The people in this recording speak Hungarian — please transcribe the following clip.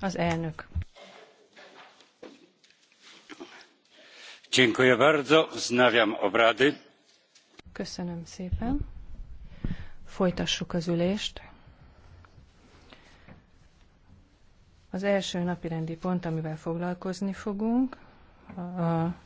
Az elnök. Köszönöm szépen. Folytassuk az ülést. Az első napirendi pont, amivel foglalkozni fogunk, a